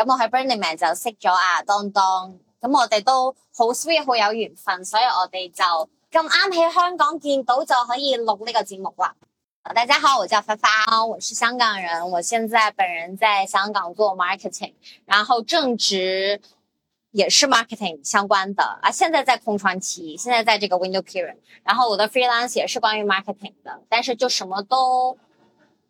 咁我喺 Burning Man 就識咗啊當當，咁我哋都好 sweet，好有緣分，所以我哋就咁啱喺香港見到就可以錄呢個節目啦。大家好，我叫發發，我是香港人，我現在本人在香港做 marketing，然後正職也是 marketing 相關的啊，現在在空窗期，現在在這個 window period，然後我的 freelance 也是關於 marketing 的，但是就什麼都。